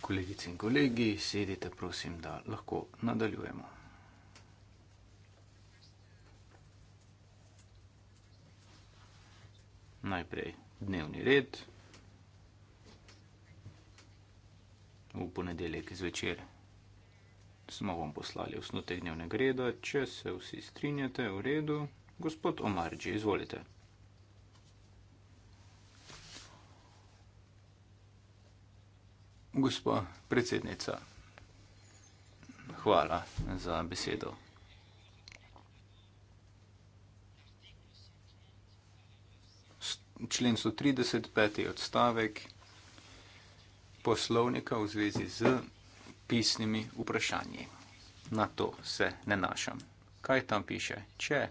Kolegice in kolegi, sedite, prosim, da lahko nadaljujemo. Najprej dnevni red. V ponedeljek zvečer smo vam poslali osnutek dnevnega reda. Če se vsi strinjate, v redu. Gospod Omarđi, izvolite. Gospa predsednica, hvala za besedo. Člen 135. odstavek poslovnika v zvezi z pisnimi vprašanji. Na to se ne našam. Kaj tam piše? Če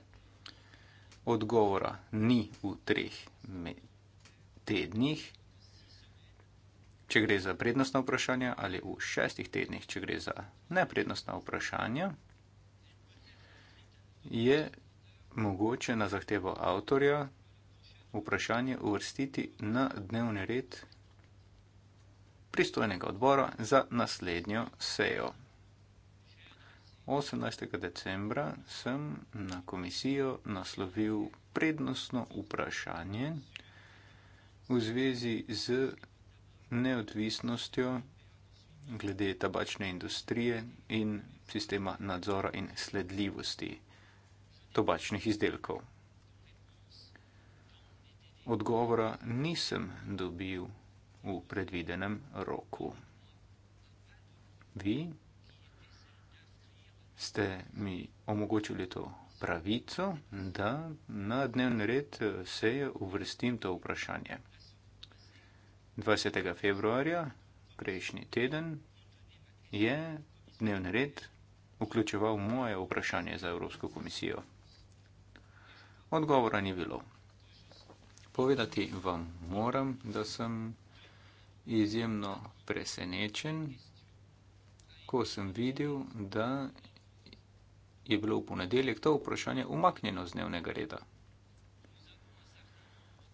odgovora ni v treh tednih, če gre za prednostna vprašanja, ali v šestih tednih, če gre za neprednostna vprašanja, je mogoče na zahtevo avtorja vprašanje uvrstiti na dnevni red pristojnega odbora za naslednjo sejo. 18. decembra sem na komisijo naslovil prednostno vprašanje v zvezi z neodvisnostjo glede tabačne industrije in sistema nadzora in sledljivosti tobačnih izdelkov. Odgovora nisem dobil v predvidenem roku. Vi ste mi omogočili to pravico, da na dnevni red seje uvrstim to vprašanje. 20. februarja, prejšnji teden, je dnevni red vključeval moje vprašanje za Evropsko komisijo. Odgovora ni bilo. Povedati vam moram, da sem izjemno presenečen, ko sem videl, da je bilo v ponedeljek to vprašanje umaknjeno z dnevnega reda.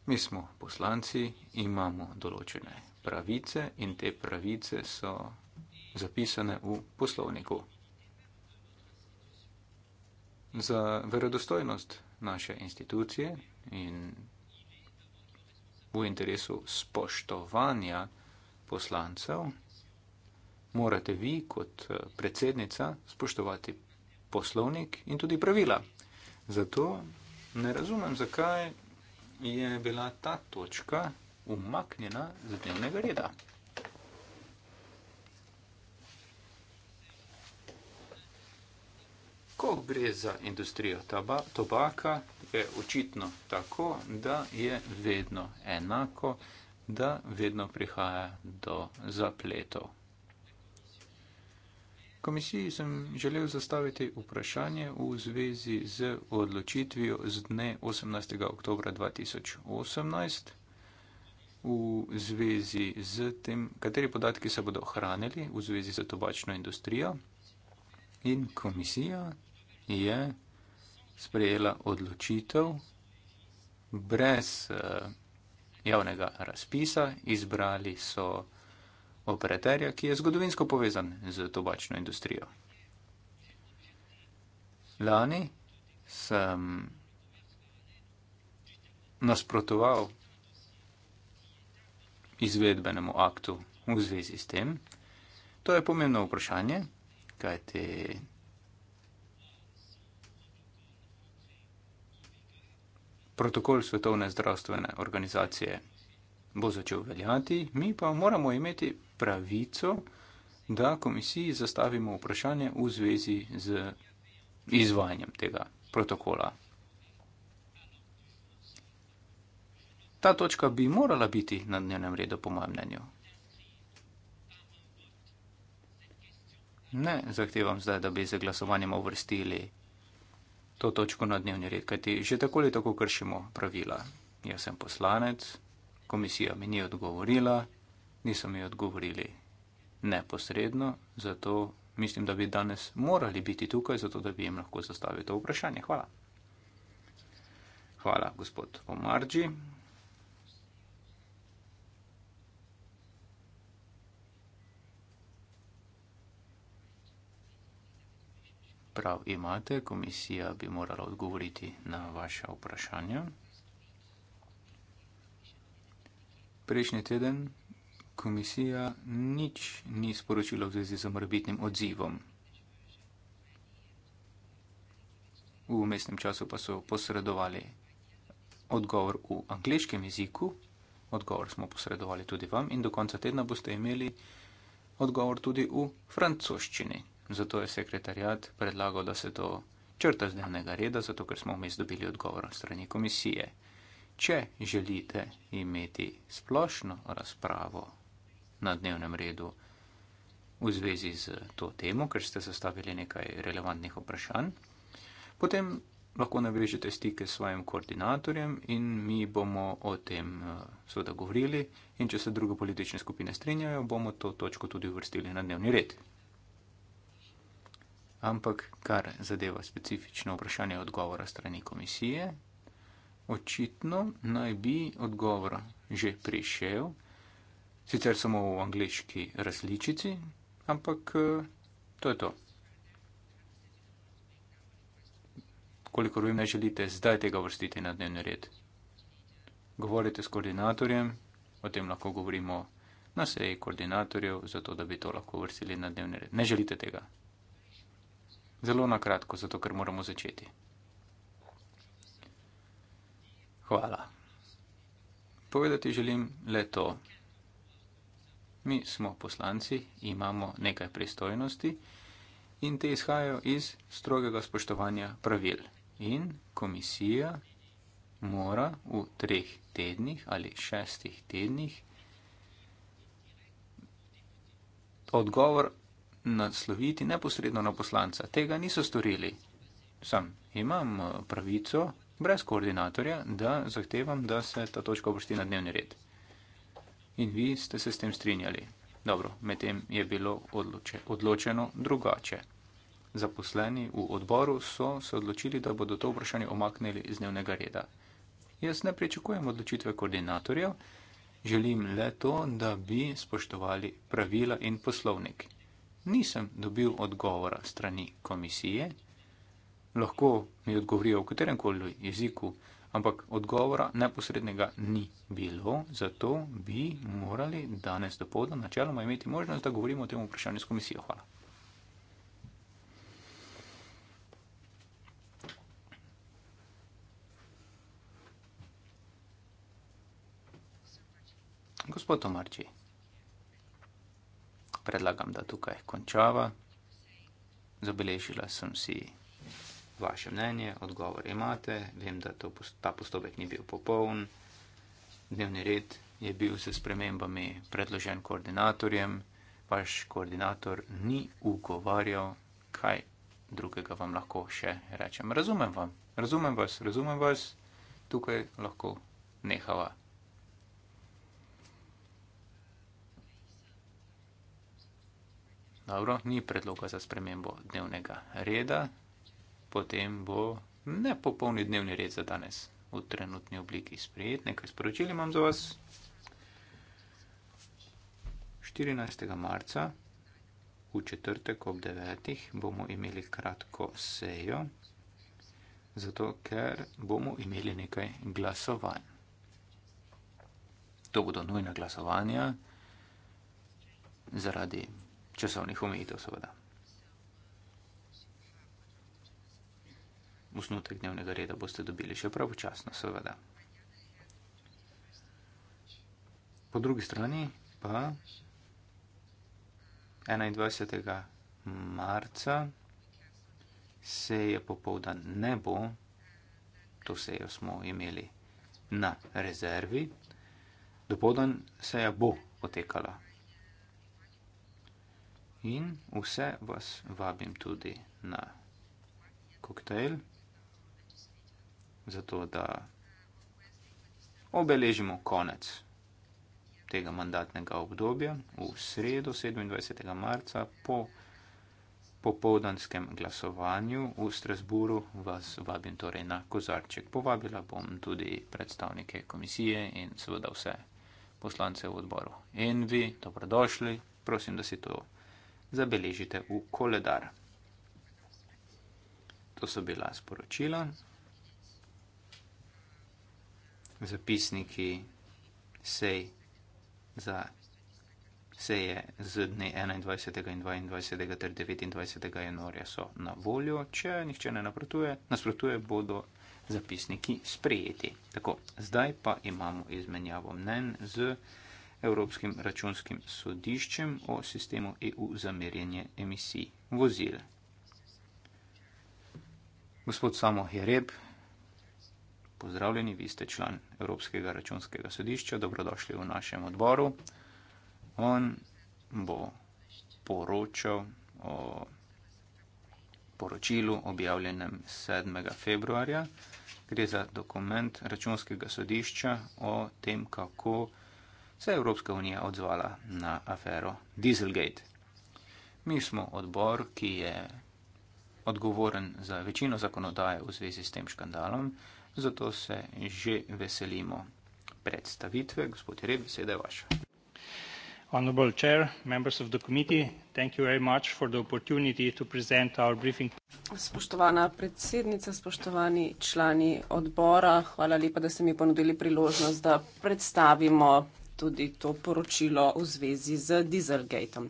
Mi smo poslanci, imamo določene pravice in te pravice so zapisane v poslovniku. Za verodostojnost naše institucije in v interesu spoštovanja poslancev morate vi kot eh, predsednica spoštovati poslovnik in tudi pravila. Zato ne razumem, zakaj je bila ta točka umaknjena z dnevnega reda. Ko gre za industrijo taba, tobaka, je očitno tako, da je vedno enako, da vedno prihaja do zapletov. Komisiji sem želel zastaviti vprašanje v zvezi z odločitvijo z dne 18. oktobra 2018 v zvezi z tem, kateri podatki se bodo hranili v zvezi z tobačno industrijo. In komisija je sprejela odločitev brez eh, javnega razpisa, izbrali so operaterja, ki je zgodovinsko povezan z tobačno industrijo. Lani sem nasprotoval izvedbenemu aktu v zvezi s tem. To je pomembno vprašanje, kajti protokol Svetovne zdravstvene organizacije bo začel veljati, mi pa moramo imeti pravico, da komisiji zastavimo vprašanje v zvezi z izvajanjem tega protokola. Ta točka bi morala biti na dnevnem redu, po mojem mnenju. Ne zahtevam zdaj, da bi z glasovanjem uvrstili to točko na dnevni red, kajti že tako ali tako kršimo pravila. Jaz sem poslanec, komisija mi ni odgovorila niso mi odgovorili neposredno, zato mislim, da bi danes morali biti tukaj, zato da bi jim lahko zastavil to vprašanje. Hvala. Hvala, gospod Omarđi. Prav imate, komisija bi morala odgovoriti na vaše vprašanje. Prejšnji teden komisija nič ni sporočila v zvezi z morbitnim odzivom. V umestnem času pa so posredovali odgovor v angliškem jeziku, odgovor smo posredovali tudi vam in do konca tedna boste imeli odgovor tudi v francoščini. Zato je sekretarjat predlagal, da se to črta z dnevnega reda, zato ker smo vmes dobili odgovor strani komisije. Če želite imeti splošno razpravo na dnevnem redu v zvezi z to temo, ker ste zastavili nekaj relevantnih vprašanj. Potem lahko navežete stike s svojim koordinatorjem in mi bomo o tem eh, seveda govorili in če se druge politične skupine strinjajo, bomo to točko tudi uvrstili na dnevni red. Ampak kar zadeva specifično vprašanje odgovora strani komisije, očitno naj bi odgovor že prišel, sicer samo v angliški različici, ampak eh, to je to. Kolikor vi ne želite zdaj tega vrstiti na dnevni red. Govorite s koordinatorjem, o tem lahko govorimo na seji koordinatorjev, zato da bi to lahko vrstili na dnevni red. Ne želite tega. Zelo na kratko, zato ker moramo začeti. Hvala. Povedati želim le to, Mi smo poslanci, imamo nekaj pristojnosti in te izhajajo iz strogega spoštovanja pravil. In komisija mora v treh tednih ali šestih tednih odgovor nasloviti neposredno na poslanca. Tega niso storili. Sam imam eh, pravico brez koordinatorja, da zahtevam, da se ta točka obršti na dnevni red in vi ste se s tem strinjali. Dobro, medtem je bilo odloče, odločeno drugače. Zaposleni v odboru so se odločili, da bodo to vprašanje omaknili iz dnevnega reda. Jaz ne pričakujem odločitve koordinatorjev, želim le to, da bi spoštovali pravila in poslovnik. Nisem dobil odgovora strani komisije, lahko mi odgovorijo v katerem koli jeziku, ampak odgovora neposrednega ni bilo, zato bi morali danes do povdne načeloma imeti možnost, da govorimo o tem vprašanju s komisijo. Hvala. Gospod Tomarči, predlagam, da tukaj končava. Zabeležila sem si vaše mnenje, odgovor imate, vem, da to, ta postopek ni bil popoln. Dnevni red je bil s spremembami predložen koordinatorjem, vaš koordinator ni ugovarjal, kaj drugega vam lahko še rečem. Razumem vam, razumem vas, razumem vas, tukaj lahko nehava. Dobro, ni predloga za spremembo dnevnega reda potem bo ne popolni dnevni red za danes v trenutni obliki sprejet. Nekaj sporočil imam za vas. 14. marca v četrtek ob 9. bomo imeli kratko sejo, zato ker bomo imeli nekaj glasovanj. To bodo nujna glasovanja zaradi časovnih omejitev, seveda. osnutek dnevnega reda boste dobili še pravočasno, seveda. Po drugi strani pa 21. marca se je popovdan nebo, to se jo smo imeli na rezervi, dopovdan se je bo potekala. In vse vas vabim tudi na koktejl zato da obeležimo konec tega mandatnega obdobja v sredo 27. marca po popovdanskem glasovanju v Strasburu. Vas vabim torej na kozarček. Povabila bom tudi predstavnike komisije in seveda vse poslance v odboru. In vi, dobrodošli, prosim, da si to zabeležite v koledar. To so bila sporočila zapisniki sej za seje z dne 21. in 22. ter 29. januarja so na voljo. Če nihče ne naprotuje, nasprotuje, bodo zapisniki sprejeti. Tako, zdaj pa imamo izmenjavo mnen z Evropskim računskim sodiščem o sistemu EU za merjenje emisij vozil. Gospod Samo Hereb, Pozdravljeni, vi ste član Evropskega računskega sodišča, dobrodošli v našem odboru. On bo poročal o poročilu objavljenem 7. februarja. Gre za dokument računskega sodišča o tem, kako se je Evropska unija odzvala na afero Dieselgate. Mi smo odbor, ki je odgovoren za večino zakonodaje v zvezi s tem škandalom, zato se že veselimo predstavitve. Gospod Reb, beseda je vaša. Honorable Chair, members of the committee, thank you very much for the opportunity to present our briefing. Spoštovana predsednica, spoštovani člani odbora, hvala lepa, da ste mi ponudili priložnost, da predstavimo tudi to poročilo v zvezi z Dieselgateom.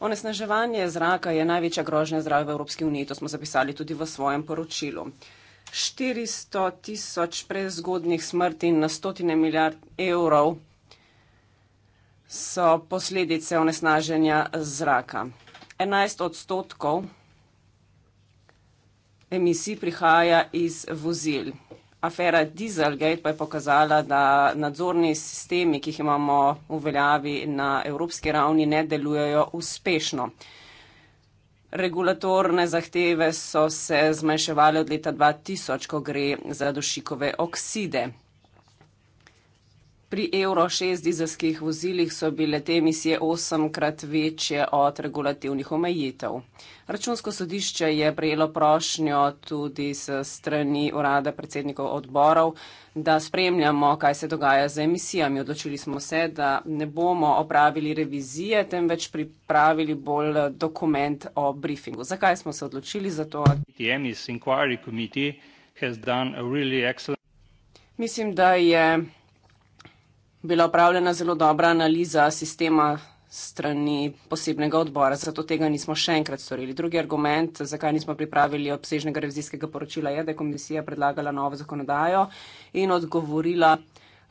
Onesnaževanje zraka je največja grožnja zdravja v Evropski uniji, to smo zapisali tudi v svojem poročilu. 400 tisoč prezgodnih smrti in na stotine milijard evrov so posledice onesnaženja zraka. 11 odstotkov emisij prihaja iz vozil. Afera Dieselgate pa je pokazala, da nadzorni sistemi, ki jih imamo v veljavi na evropski ravni, ne delujejo uspešno. Regulatorne zahteve so se zmanjševale od leta 2000, ko gre za dušikove okside. Pri Euro 6 dizelskih vozilih so bile te emisije osemkrat večje od regulativnih omejitev. Računsko sodišče je prejelo prošnjo tudi s strani urada predsednikov odborov, da spremljamo, kaj se dogaja z emisijami. Odločili smo se, da ne bomo opravili revizije, temveč pripravili bolj dokument o briefingu. Zakaj smo se odločili za to? Really excellent... Mislim, da je bila upravljena zelo dobra analiza sistema strani posebnega odbora, zato tega nismo še enkrat storili. Drugi argument, zakaj nismo pripravili obsežnega revizijskega poročila, je, da je komisija predlagala novo zakonodajo in odgovorila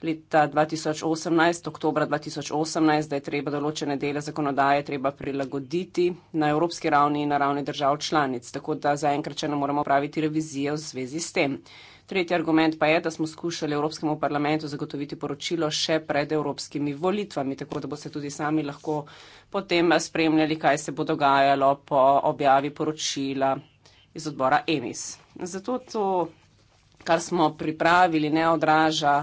leta 2018, oktober 2018, da je treba določene dele zakonodaje treba prilagoditi na evropski ravni in na ravni držav članic, tako da zaenkrat še ne moremo praviti revizije v zvezi s tem. Tretji argument pa je, da smo skušali Evropskemu parlamentu zagotoviti poročilo še pred evropskimi volitvami, tako da boste tudi sami lahko potem spremljali, kaj se bo dogajalo po objavi poročila iz odbora EMIS. Zato to, kar smo pripravili, ne odraža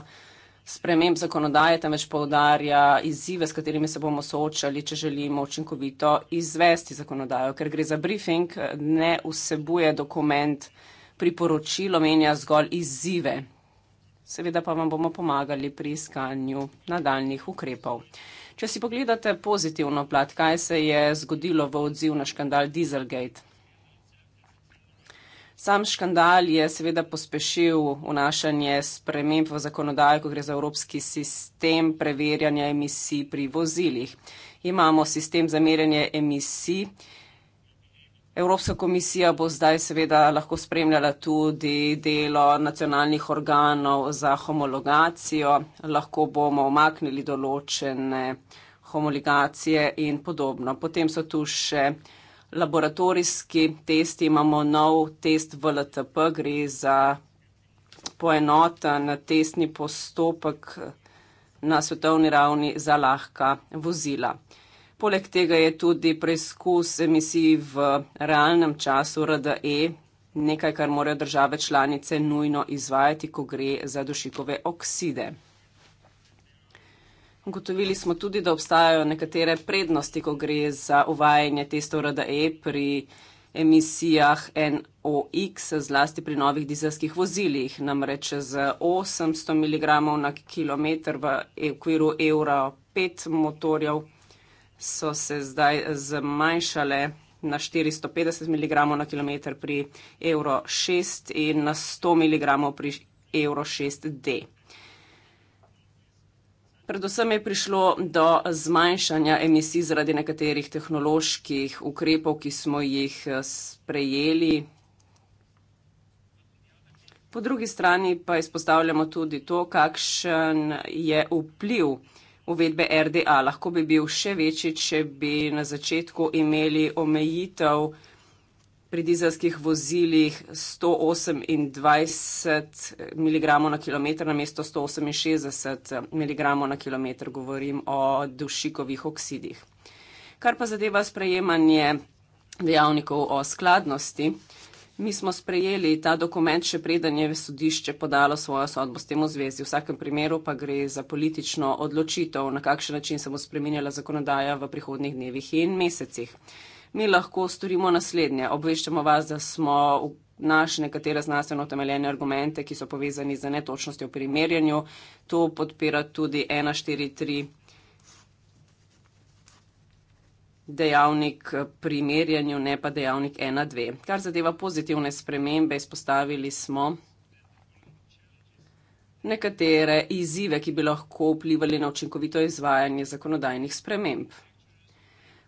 sprememb zakonodaje, temveč poudarja izzive, s katerimi se bomo soočali, če želimo učinkovito izvesti zakonodajo, ker gre za briefing, ne vsebuje dokument, priporočilo menja zgolj izzive. Seveda pa vam bomo pomagali pri iskanju nadaljnih ukrepov. Če si pogledate pozitivno plat, kaj se je zgodilo v odziv na škandal Dieselgate. Sam škandal je seveda pospešil vnašanje sprememb v zakonodajo, ko gre za evropski sistem preverjanja emisij pri vozilih. Imamo sistem za merjanje emisij. Evropska komisija bo zdaj seveda lahko spremljala tudi delo nacionalnih organov za homologacijo, lahko bomo omaknili določene homologacije in podobno. Potem so tu še laboratorijski testi, imamo nov test VLTP, gre za poenoten testni postopek na svetovni ravni za lahka vozila. Poleg tega je tudi preizkus emisij v realnem času RDE nekaj, kar morajo države članice nujno izvajati, ko gre za dušikove okside. Ugotovili smo tudi, da obstajajo nekatere prednosti, ko gre za uvajanje testov RDE pri emisijah NOx, zlasti pri novih dizelskih vozilih, namreč z 800 mg na km v okviru evra 5 motorjev so se zdaj zmanjšale na 450 mg na km pri Euro 6 in na 100 mg pri Euro 6D. Predvsem je prišlo do zmanjšanja emisij zaradi nekaterih tehnoloških ukrepov, ki smo jih eh, sprejeli. Po drugi strani pa izpostavljamo tudi to, kakšen je vpliv uh, uvedbe RDA. Lahko bi bil še večji, če bi na začetku imeli omejitev pri dizelskih vozilih 128 mg na km na mesto 168 mg na km, govorim o dušikovih oksidih. Kar pa zadeva sprejemanje dejavnikov o skladnosti, Mi smo sprejeli ta dokument, še preden je sodišče podalo svojo sodbo s tem v zvezi. V vsakem primeru pa gre za politično odločitev, na kakšen način se bo spremenjala zakonodaja v prihodnih dnevih in mesecih. Mi lahko storimo naslednje. Obveščamo vas, da smo naš nekatere znanstveno utemeljene argumente, ki so povezani z netočnostjo pri merjenju. To podpira tudi 143 dejavnik eh, pri merjenju, ne pa dejavnik 1-2. Kar zadeva pozitivne spremembe, izpostavili smo nekatere izzive, ki bi lahko vplivali na učinkovito izvajanje zakonodajnih sprememb.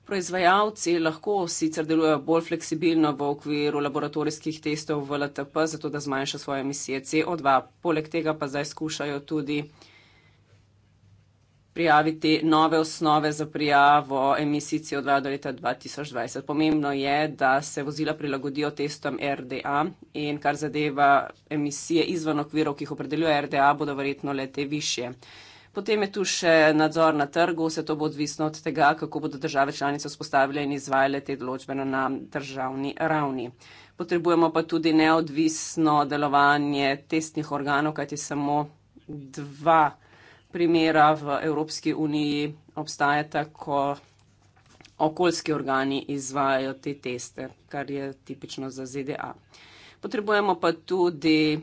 Proizvajalci lahko sicer delujejo bolj fleksibilno v okviru laboratorijskih testov v LTP, zato da zmanjša svoje emisije CO2. Poleg tega pa zdaj skušajo tudi prijaviti nove osnove za prijavo emisij CO2 do leta 2020. Pomembno je, da se vozila prilagodijo testom RDA in kar zadeva emisije izven okvirov, ki jih opredeljuje RDA, bodo verjetno le te više. Potem je tu še nadzor na trgu, vse to bo odvisno od tega, kako bodo države članice vzpostavile in izvajale te določbe na državni ravni. Potrebujemo pa tudi neodvisno delovanje testnih organov, kajti samo dva primera v Evropski uniji obstajata, ko okoljski organi izvajajo te teste, kar je tipično za ZDA. Potrebujemo pa tudi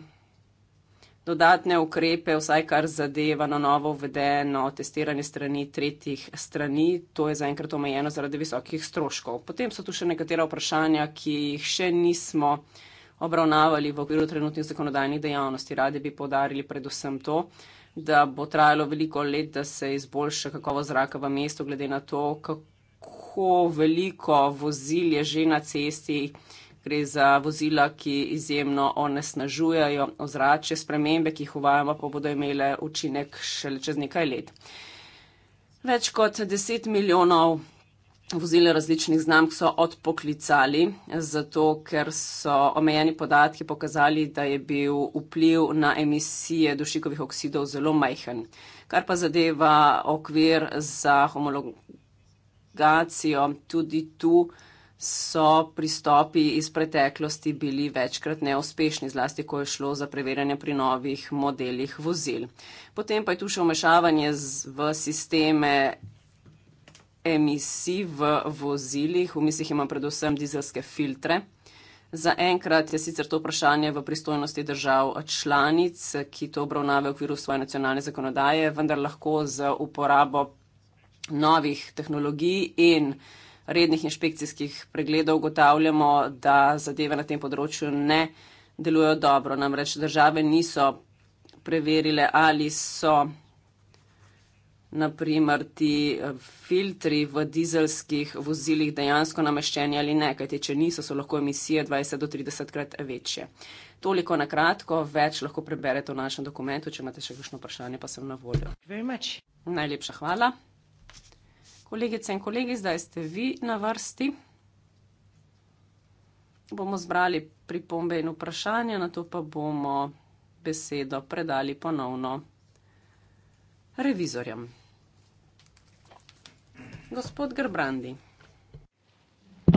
dodatne ukrepe, vsaj kar zadeva na novo uvedeno testiranje strani tretjih strani. To je zaenkrat omejeno zaradi visokih stroškov. Potem so tu še nekatera vprašanja, ki jih še nismo obravnavali v okviru trenutnih zakonodajnih dejavnosti. Radi bi podarili predvsem to, da bo trajalo veliko let, da se izboljša kakovost zraka v mestu, glede na to, kako veliko vozil je že na cesti. Gre za vozila, ki izjemno onesnažujejo ozračje, spremembe, ki jih uvajamo, pa bodo imele učinek šele čez nekaj let. Več kot 10 milijonov vozile različnih znamk so odpoklicali, zato ker so omejeni podatki pokazali, da je bil vpliv na emisije dušikovih oksidov zelo majhen. Kar pa zadeva okvir za homologacijo, tudi tu so pristopi iz preteklosti bili večkrat neuspešni, zlasti ko je šlo za preverjanje pri novih modelih vozil. Potem pa je tu še umešavanje v sisteme emisij v vozilih, v mislih imam predvsem dizelske filtre. Za enkrat je sicer to vprašanje v pristojnosti držav članic, ki to obravnave v okviru svoje nacionalne zakonodaje, vendar lahko z uporabo novih tehnologij in rednih inšpekcijskih pregledov ugotavljamo, da zadeve na tem področju ne delujejo dobro. Namreč države niso preverile, ali so naprimer ti eh, filtri v dizelskih vozilih dejansko nameščeni ali ne, kajte če niso, so lahko emisije 20 do 30 krat večje. Toliko na kratko, več lahko preberete v našem dokumentu, če imate še kakšno vprašanje, pa sem na voljo. Najlepša hvala. Kolegice in kolegi, zdaj ste vi na vrsti. Bomo zbrali pripombe in vprašanja, na to pa bomo besedo predali ponovno revizorjem. Gospod Grbrandi.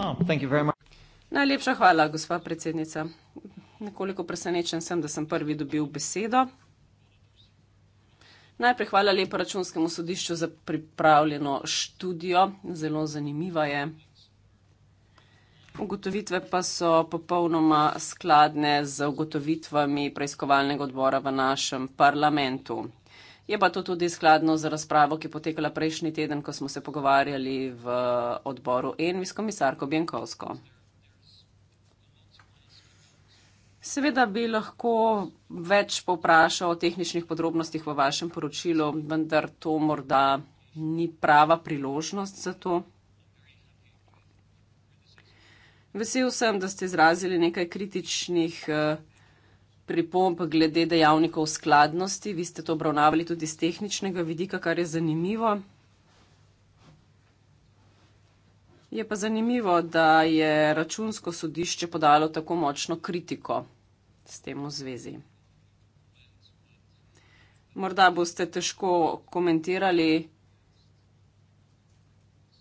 Oh, Najlepša hvala, gospa predsednica. Nekoliko presenečen sem, da sem prvi dobil besedo. Najprej hvala lepa računskemu sodišču za pripravljeno študijo, zelo zanimiva je. Ugotovitve pa so popolnoma skladne z ugotovitvami preiskovalnega odbora v našem parlamentu. Je pa to tudi skladno z razpravo, ki je potekala prejšnji teden, ko smo se pogovarjali v odboru Envis komisarko Bjenkovsko. Seveda bi lahko več povprašal o tehničnih podrobnostih v vašem poročilu, vendar to morda ni prava priložnost za to. Vesel sem, da ste izrazili nekaj kritičnih eh, pripomp glede dejavnikov skladnosti. Vi ste to obravnavali tudi z tehničnega vidika, kar je zanimivo. Je pa zanimivo, da je računsko sodišče podalo tako močno kritiko s tem v zvezi. Morda boste težko komentirali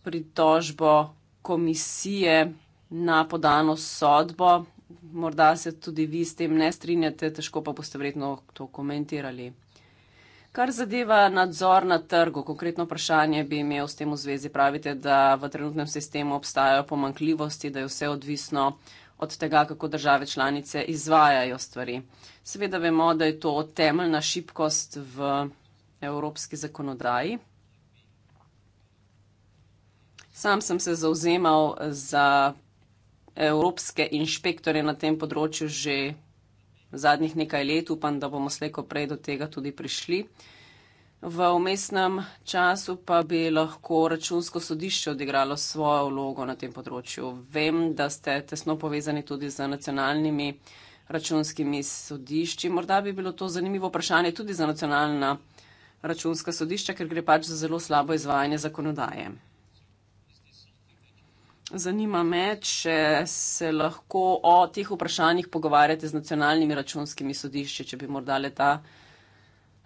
pritožbo komisije na podano sodbo morda se tudi vi s tem ne strinjate, težko pa boste vredno to komentirali. Kar zadeva nadzor na trgu, konkretno vprašanje bi imel s tem v zvezi. Pravite, da v trenutnem sistemu obstajajo pomankljivosti, da je vse odvisno od tega, kako države članice izvajajo stvari. Seveda vemo, da je to temeljna šibkost v evropski zakonodaji. Sam sem se zauzemal za evropske inšpektore na tem področju že zadnjih nekaj let. Upam, da bomo slejko prej do tega tudi prišli. V umestnem času pa bi lahko računsko sodišče odigralo svojo vlogo na tem področju. Vem, da ste tesno povezani tudi z nacionalnimi računskimi sodišči. Morda bi bilo to zanimivo vprašanje tudi za nacionalna računska sodišča, ker gre pač za zelo slabo izvajanje zakonodaje. Zanima me, če se lahko o teh vprašanjih pogovarjate z nacionalnimi računskimi sodišči, če bi morda le ta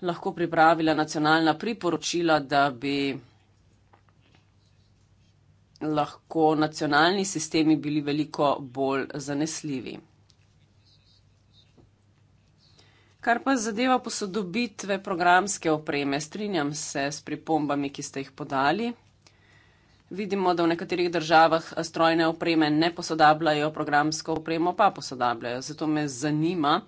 lahko pripravila nacionalna priporočila, da bi lahko nacionalni sistemi bili veliko bolj zanesljivi. Kar pa zadeva posodobitve programske opreme, strinjam se s pripombami, ki ste jih podali vidimo, da v nekaterih državah eh, strojne opreme ne posodabljajo, programsko opremo pa posodabljajo. Zato me zanima,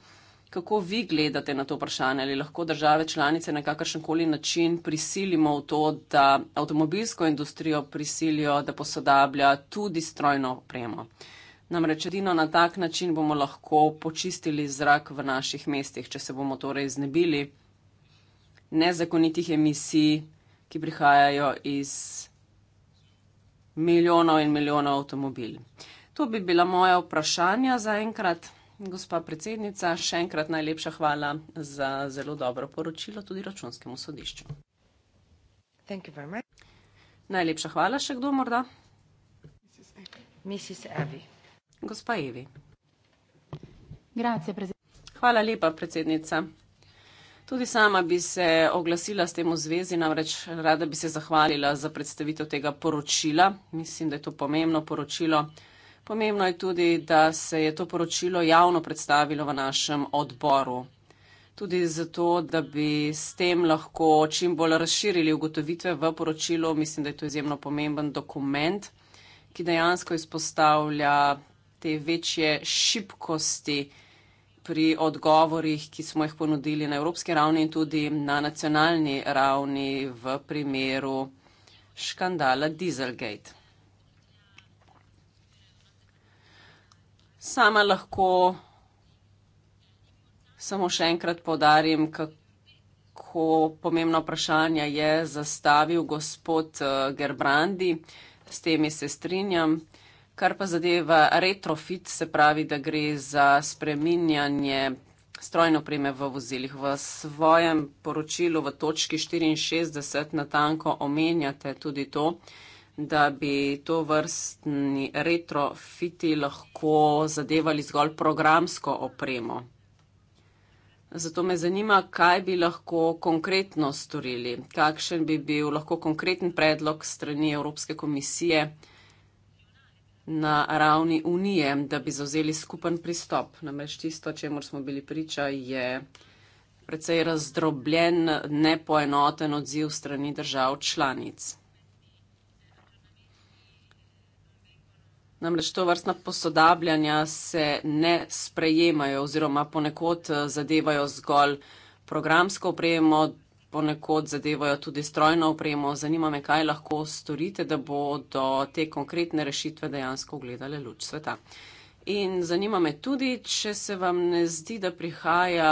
kako vi gledate na to vprašanje, ali lahko države članice na kakršenkoli način prisilimo v to, da avtomobilsko industrijo prisilijo, da posodablja tudi strojno opremo. Namreč edino na tak način bomo lahko počistili zrak v naših mestih, če se bomo torej znebili nezakonitih emisij, ki prihajajo iz milijonov in milijonov avtomobil. To bi bila moja vprašanja za enkrat. Gospa predsednica, še enkrat najlepša hvala za zelo dobro poročilo tudi računskemu sodišču. Najlepša hvala še kdo morda? Gospa Evi. Hvala lepa, predsednica. Tudi sama bi se oglasila s tem v zvezi, namreč rada bi se zahvalila za predstavitev tega poročila. Mislim, da je to pomembno poročilo. Pomembno je tudi, da se je to poročilo javno predstavilo v našem odboru. Tudi zato, da bi s tem lahko čim bolj razširili ugotovitve v poročilu, mislim, da je to izjemno pomemben dokument, ki dejansko izpostavlja te večje šibkosti pri odgovorih, ki smo jih ponudili na evropski ravni in tudi na nacionalni ravni v primeru škandala Dieselgate. Sama lahko samo še enkrat podarim, kako pomembno vprašanje je zastavil gospod eh, Gerbrandi. S temi se strinjam. Kar pa zadeva retrofit, se pravi, da gre za spreminjanje strojno opreme v vozilih. V svojem poročilu v točki 64 natanko omenjate tudi to, da bi to vrstni retrofiti lahko zadevali zgolj programsko opremo. Zato me zanima, kaj bi lahko konkretno storili, kakšen bi bil lahko konkreten predlog strani Evropske komisije na ravni unije, da bi zauzeli skupen pristop. Namreč tisto, čemu smo bili priča, je precej razdrobljen, nepoenoten odziv strani držav članic. Namreč to vrstna posodabljanja se ne sprejemajo oziroma ponekod eh, zadevajo zgolj programsko opremo, ponekod zadevajo tudi strojno opremo. Zanima me, kaj lahko storite, da bo do te konkretne rešitve dejansko ugledale luč sveta. In zanima me tudi, če se vam ne zdi, da prihaja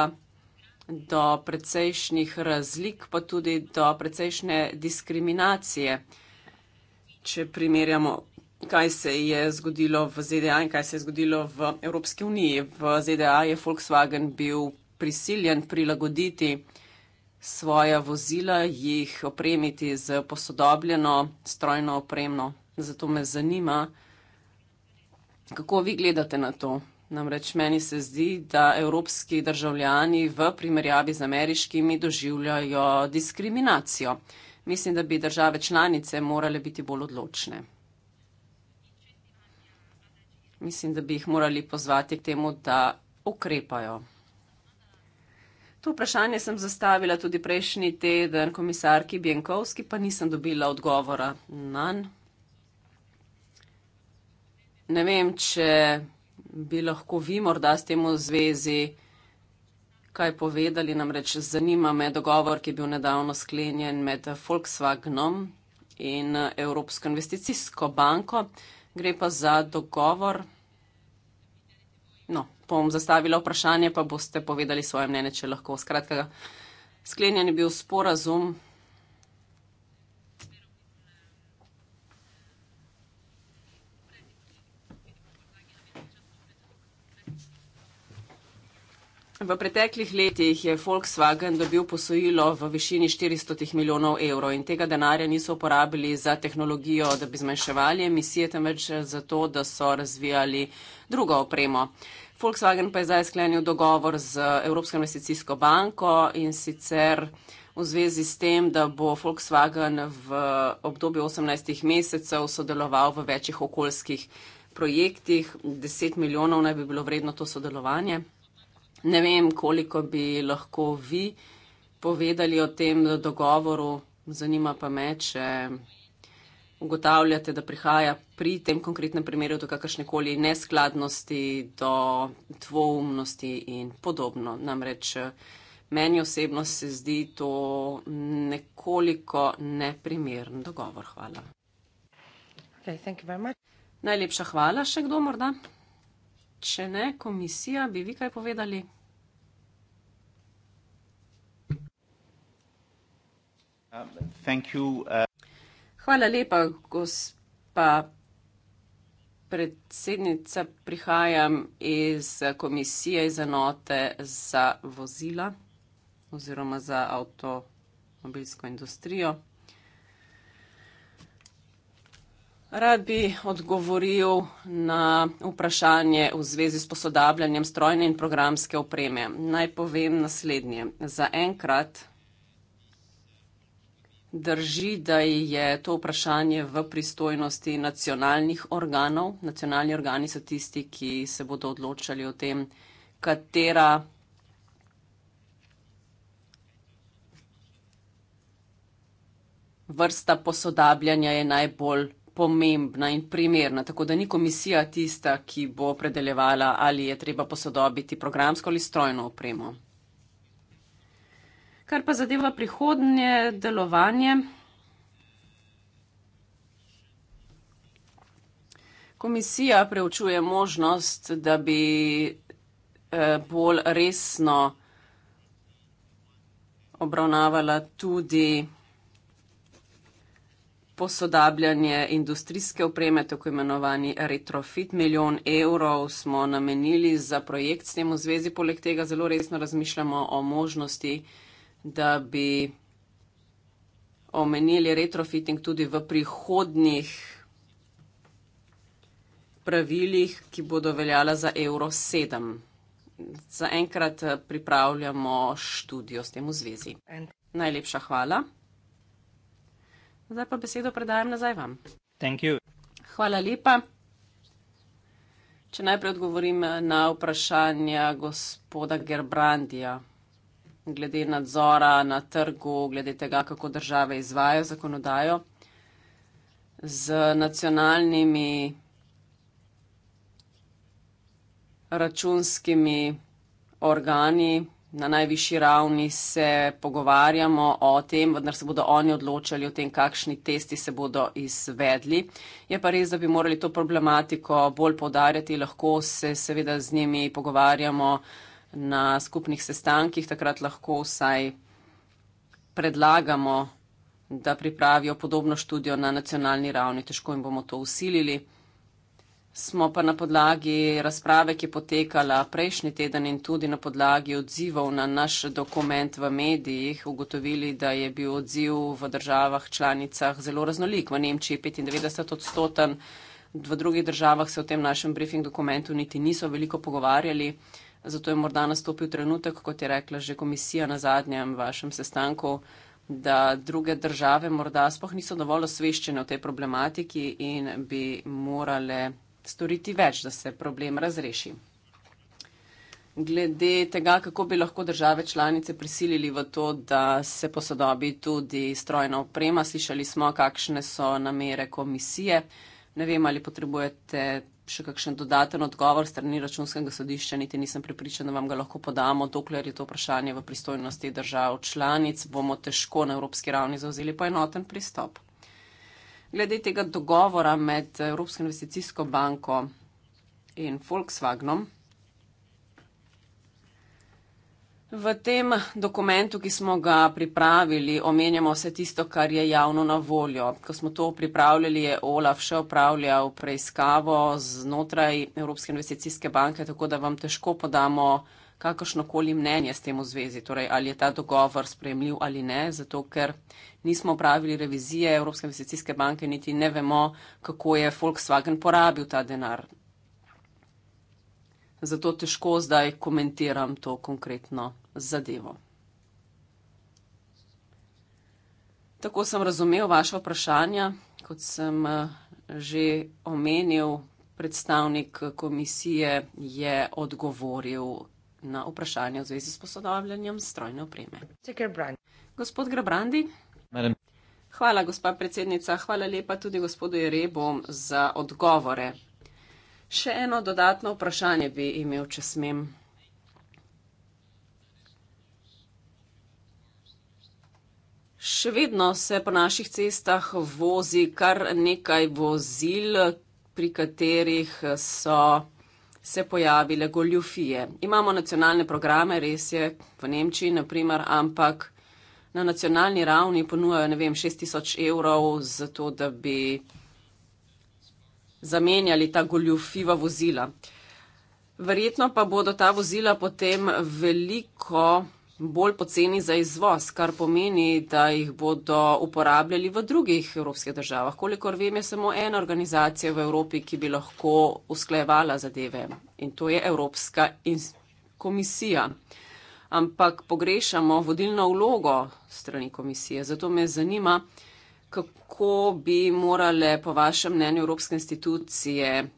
do precejšnjih razlik, pa tudi do precejšnje diskriminacije, če primerjamo, kaj se je zgodilo v ZDA in kaj se je zgodilo v Evropski uniji. V ZDA je Volkswagen bil prisiljen prilagoditi uh, svoja vozila, jih opremiti z posodobljeno strojno opremo. Zato me zanima, kako vi gledate na to. Namreč meni se zdi, da evropski državljani v primerjavi z ameriškimi doživljajo diskriminacijo. Mislim, da bi države članice morale biti bolj odločne. Mislim, da bi jih morali pozvati k temu, da ukrepajo. To vprašanje sem zastavila tudi prejšnji teden komisarki Bjankovski, pa nisem dobila odgovora na njega. Ne vem, če bi lahko vi morda s tem v zvezi kaj povedali. Namreč zanima me dogovor, ki je bil nedavno sklenjen med Volkswagenom in Evropsko investicijsko banko. Gre pa za dogovor bom zastavila vprašanje, pa boste povedali svoje mnenje, če lahko. Skratka, sklenjen je bil sporazum. V preteklih letih je Volkswagen dobil posojilo v višini 400 milijonov evrov in tega denarja niso uporabili za tehnologijo, da bi zmanjševali emisije, temveč za to, da so razvijali drugo opremo. Volkswagen pa je zdaj sklenil dogovor z Evropsko investicijsko banko in sicer v zvezi s tem, da bo Volkswagen v obdobju 18 mesecev sodeloval v večjih okoljskih projektih. 10 milijonov naj bi bilo vredno to sodelovanje. Ne vem, koliko bi lahko vi povedali o tem dogovoru. Zanima pa me, če ugotavljate, da prihaja pri tem konkretnem primeru do kakršne koli neskladnosti, do dvoumnosti in podobno. Namreč eh, meni osebno se zdi to nekoliko neprimern dogovor. Hvala. Okay, Najlepša hvala. Še kdo morda? Če ne, komisija, bi vi kaj povedali? Um, thank you. Uh... Hvala lepa, gospa predsednica. Prihajam iz komisije iz enote za vozila oziroma za avtomobilsko industrijo. Rad bi odgovoril na vprašanje v zvezi s posodabljanjem strojne in programske opreme. Naj povem naslednje. Zaenkrat drži, da je to vprašanje v pristojnosti nacionalnih organov. Nacionalni organi so tisti, ki se bodo odločali o tem, katera. Vrsta posodabljanja je najbolj pomembna in primerna, tako da ni komisija tista, ki bo predelevala, ali je treba posodobiti programsko ali strojno opremo. Kar pa zadeva prihodnje delovanje komisija preučuje možnost, da bi eh, bolj resno obravnavala tudi posodabljanje industrijske opreme, tako imenovani retrofit. Milijon evrov smo namenili za projekt s tem v zvezi. Poleg tega zelo resno razmišljamo o možnosti, da bi omenili retrofitting tudi v prihodnjih pravilih, ki bodo veljala za Euro 7. Zaenkrat eh, pripravljamo študijo s tem v zvezi. Najlepša hvala. Zdaj pa besedo predajam nazaj vam. Hvala lepa. Če najprej odgovorim eh, na vprašanja gospoda Gerbrandija glede nadzora na trgu, glede tega, kako države izvajo zakonodajo, z nacionalnimi računskimi organi na najvišji ravni se pogovarjamo o tem, vendar se bodo oni odločali o tem, kakšni testi se bodo izvedli. Je pa res, da bi morali to problematiko bolj povdarjati, lahko se seveda z njimi pogovarjamo na skupnih sestankih, takrat lahko vsaj predlagamo, da pripravijo podobno študijo na nacionalni ravni. Težko jim bomo to usilili. Smo pa na podlagi razprave, ki je potekala prejšnji teden in tudi na podlagi odzivov na naš dokument v medijih, ugotovili, da je bil odziv v državah članicah zelo raznolik. V Nemčiji 95 odstoten, v drugih državah se o tem našem briefing dokumentu niti niso veliko pogovarjali. Uh, Zato je morda nastopil trenutek, kot je rekla že komisija na zadnjem vašem sestanku, da druge države morda spoh niso dovolj osveščene o tej problematiki in bi morale storiti več, da se problem razreši. Glede tega, kako bi lahko države članice prisilili v to, da se posodobi tudi strojna oprema, slišali smo, kakšne so namere komisije. Ne vem, ali potrebujete še kakšen dodaten odgovor strani računskega sodišča, niti nisem pripričana, da vam ga lahko podamo, dokler je to vprašanje v pristojnosti držav članic, bomo težko na evropski ravni zauzeli pa enoten pristop. Glede tega dogovora med Evropsko investicijsko banko in Volkswagenom, V tem dokumentu, ki smo ga pripravili, omenjamo vse tisto, kar je javno na voljo. Ko smo to pripravljali, je Olaf še upravljal preiskavo znotraj Evropske investicijske banke, tako da vam težko podamo kakršnokoli mnenje s tem v zvezi, torej ali je ta dogovor spremljiv ali ne, zato ker nismo upravili revizije Evropske investicijske banke, niti ne vemo, kako je Volkswagen porabil ta denar zato težko zdaj komentiram to konkretno zadevo. Tako sem razumel vaše vprašanja, kot sem eh, že omenil, predstavnik eh, komisije je odgovoril na vprašanje v zvezi s posodobljanjem strojne opreme. Gospod Grabrandi. Madam. Hvala, gospa predsednica. Hvala lepa tudi gospodu Jerebu za odgovore Še eno dodatno vprašanje bi imel, če smem. Še vedno se po naših cestah vozi kar nekaj vozil, pri katerih so se pojavile goljufije. Imamo nacionalne programe, res je, v Nemčiji, naprimer, ampak na nacionalni ravni ponujajo, ne vem, 6000 evrov za to, da bi zamenjali ta goljufiva vozila. Verjetno pa bodo ta vozila potem veliko bolj poceni za izvoz, kar pomeni, da jih bodo uporabljali v drugih evropskih državah. Kolikor vem, je samo ena organizacija v Evropi, ki bi lahko usklajevala zadeve in to je Evropska komisija. Ampak pogrešamo vodilno vlogo strani komisije, zato me zanima, kako bi morale, po vašem mnenju, evropske institucije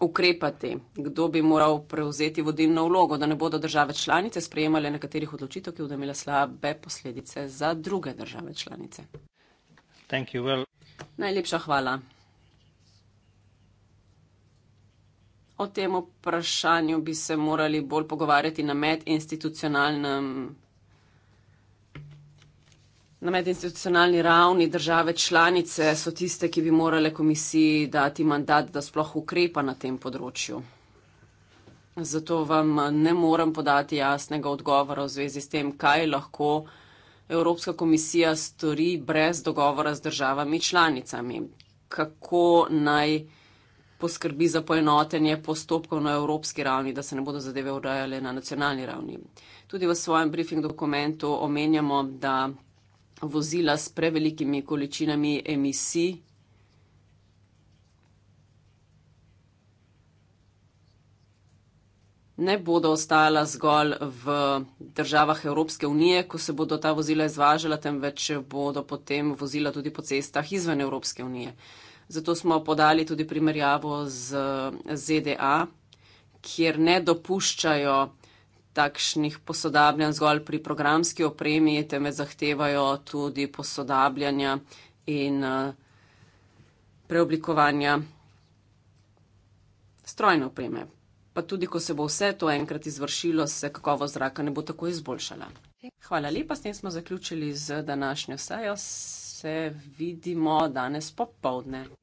ukrepati, kdo bi moral prevzeti vodilno vlogo, da ne bodo države članice sprejemale nekaterih odločitev, ki bodo imele slabe posledice za druge države članice. Well. Najlepša hvala. O tem vprašanju bi se morali bolj pogovarjati na medinstitucionalnem Na medinstitucionalni ravni države članice so tiste, ki bi morale komisiji dati mandat, da sploh ukrepa na tem področju. Zato vam ne morem podati jasnega odgovora v zvezi s tem, kaj lahko Evropska komisija stori brez dogovora z državami članicami. Kako naj poskrbi za poenotenje postopkov na evropski ravni, da se ne bodo zadeve urajale na nacionalni ravni. Tudi v svojem briefing dokumentu omenjamo, da vozila s prevelikimi količinami emisij. Ne bodo ostala zgolj v državah Evropske unije, ko se bodo ta vozila izvažala, temveč bodo potem vozila tudi po cestah izven Evropske unije. Zato smo podali tudi primerjavo z ZDA, kjer ne dopuščajo takšnih posodabljanj zgolj pri programski opremi, temveč zahtevajo tudi posodabljanja in eh, preoblikovanja strojne opreme. Pa tudi, ko se bo vse to enkrat izvršilo, se kakovo zraka ne bo tako izboljšala. Hvala lepa, s tem smo zaključili z današnjo sejo. Se vidimo danes popovdne.